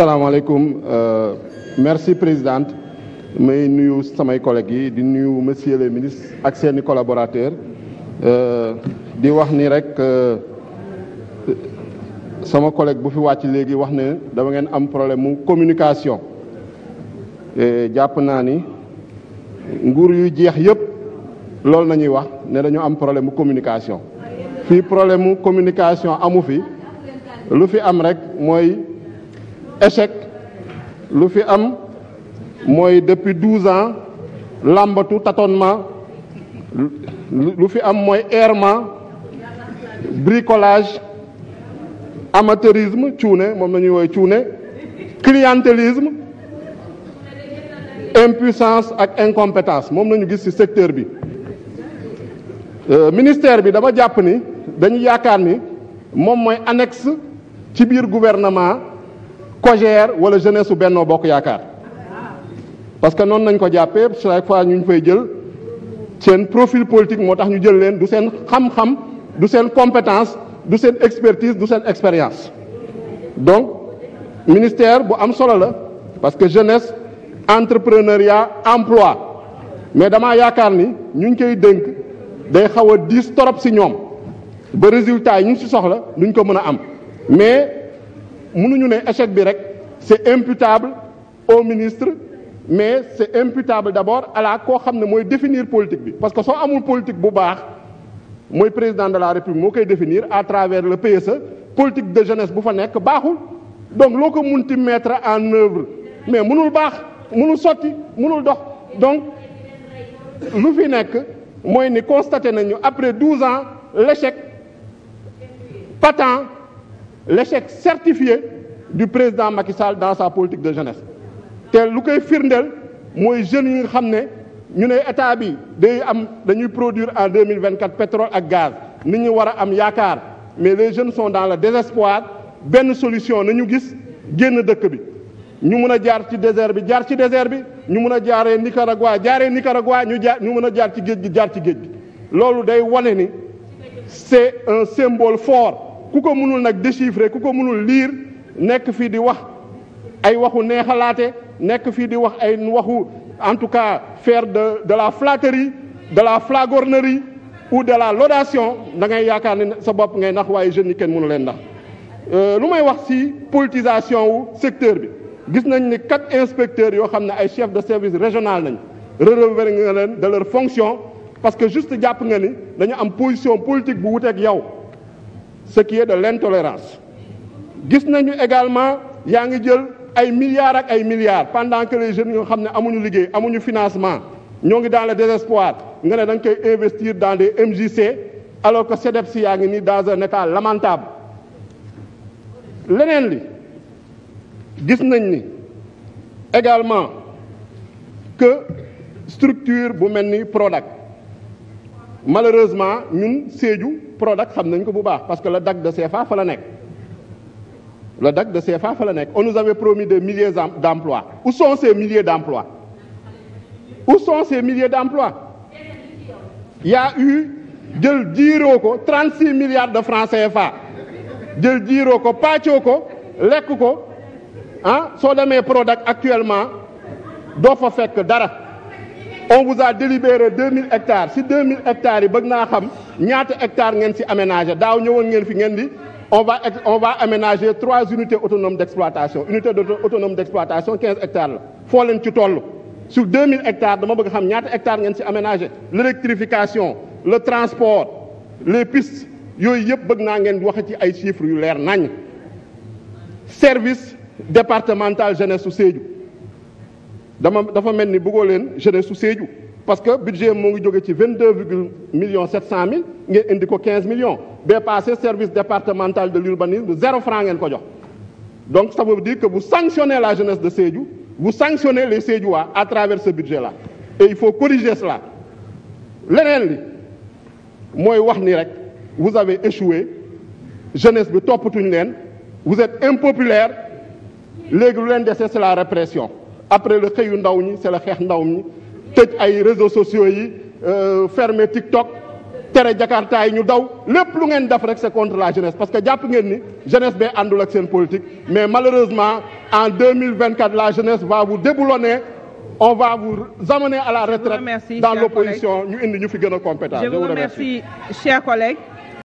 salaamaaleykum euh, merci présidente may nuyu samay collègues yi di nuyu monsieur le ministre ak seeni collaborateurs euh, di wax ni rek euh, sama collègue bu fi wàcc léegi wax ne dama ngeen am problème mu communication jàpp naa ni nguur yu jeex yëpp loolu ñuy wax ne dañu am problème mu communication fii problème mu communication amu fi lu fi am rek mooy échec lu fi am mooy depuis douze ans làmbatu tâtonnement lu fi am mooy errement bricolage amateurisme cuune moom la ñuy woowee cuune clientélisme impuissance ak incompétence moom lañu gis ci secteur bi euh, ministère bi dama jàpp ni dañu yaakaar ni moom mooy annex ci biir gouvernement COJER wala jeunesse su Bennoo Bokk Yaakaar parce que noonu nañ ko jàppee chaque fois ñu fay jël seen profil politique moo tax ñu jël leen du seen xam-xam du seen compétence du seen expertise du seen expérience donc ministère bu am solo la parce que jeunesse entrepreneuriat emploi mais damaa yaakaar ni ñu ngi koy dénk day xaw a diis torop si ñoom ba résultat yi ñu si soxla duñ ko mën a am mais mënuñu ne échec bi rek c'est imputable au ministre mais c'est imputable d'abord à la koo xam ne mooy définir politique bi parce que soo amul politique bu baax mooy président de la république moo koy définir à travers le PSE politique de jeunesse bu fa nekk baaxul donc loo ko munti mettre en œuvre mais mënul baax mënul sotti mënul dox donc lu fi nekk mooy ni constaté nañu après douze ans l'échec patent l'échec certifié du président Macky Sall dans sa politique de jeunesse te lu koy firndeel mooy jeunes yi nga xam ne ñu ne état bi day am dañuy produire en deux mille vingt quatre pétrole ak gaz nit ñi war a am yaakaar mais les jeunes sont dans le désespoir benn solution na ñu gis génn dëkk bi ñu mun a jaar ci désert bi jaar ci désert bi ñu mun a jaaree Nicaragua jaaree Nicaragua ñu jaar ñu mën a jaar ci géej gi jaar ci géej gi loolu day wane ni c'est un symbole fort ku ko mënul nag déchiffrer ku ko mënul liir nekk fii di wax ay waxu neexalaate nekk fii di wax ay waxu en tout cas faire de de la flatterie de la flagornerie ou de la laudation da ngay yaakaar ne sa bopp ngay ndax waaye jeune yi kenn mënu leen ndax euh, lu may wax ci politisation wu secteur bi gis nañ ni quatre inspecteurs yoo xam ne ay chefs de service régional nañ relever nga leen de leur fonction parce que juste jàpp nga ni dañu am position politique bu wuteek yow ce qui est de l'intolérance gis nañu également yaa ngi jël ay milliards ak ay milliards pendant que les jeunes yoo xam ne amuñu liggéey amuñu financement ñoo ngi dans le désespoir nga ne da nga koy investir dans des MJC alors que CEDEPS yaa ngi nii dans un état lamentable leneen li gis nañ ni également que structure bu mel ni Prodac malheureusement ñun Sédhiou Prodac xam nañ ko bu baax parce que la DAC de CFA fa la nekk le DAC de CFA fa la nekk on nous avait promis des milliers d'emplois où sont ces milliers d'emplois où sont ces milliers d'emplois il y jël jiiroo ko 36 milliards de francs CFA jël jiiroo ko pàccoo ko lekk ko ah soo demee Prodac actuellement doo fa fekk dara on vous a délibéré 2000 hectares si 2000 hectares yi bëgg naa xam ñaata hectares ngeen si aménagé daaw ñëwoon ngeen fi ngeen di on va on va aménager trois unités autonomes dexploitation exploitation unité d' autonome d' exploitation 15 hectares la foo leen ci toll sur 2000 hectares dama bëgg xam ñaata hectares ngeen si aménagé l' électrification le transport les pistes yooyu yëpp bëgg naa ngeen wax ci ay chiffres yu leer nañ service départemental jeunesse su Sédhiou dama dafa mel ni bëggoo leen jeunesse su Sédhiou parce que budget moo ngi jóge ci vingt deux virgule millions sept cent mille ngeen indi ko quinze millions bee passé service départemental de l'urbanisme zéro franc ngeen ko jox donc ça veut dire que vous sanctionnez la jeunesse de Sédhiou bu sanctionnez les Sédhiouois à travers ce budget là et il faut corriger cela leneen li mooy wax ni rek vous avez échoué jeunesse bi toppatuñ leen vous êtes impopulaire léegi lu leen dese c'est la répression après le xëyu ndaw ñi c'est la xeex ndaw ñi tëj ay réseaux sociaux yi euh, fermer TikTok tere jakarta yi ñu daw lép lu ngeen daf rek c'est contre la jeunesse parce que jàpp ngeen ni jeunesse bee àndul ak seen politique mais malheureusement en 2024 la jeunesse va vous déboulonner on va vous amener à la retraite dans l'opposition ñu indi ñu fi gën a compétent je vous remercie chers collègues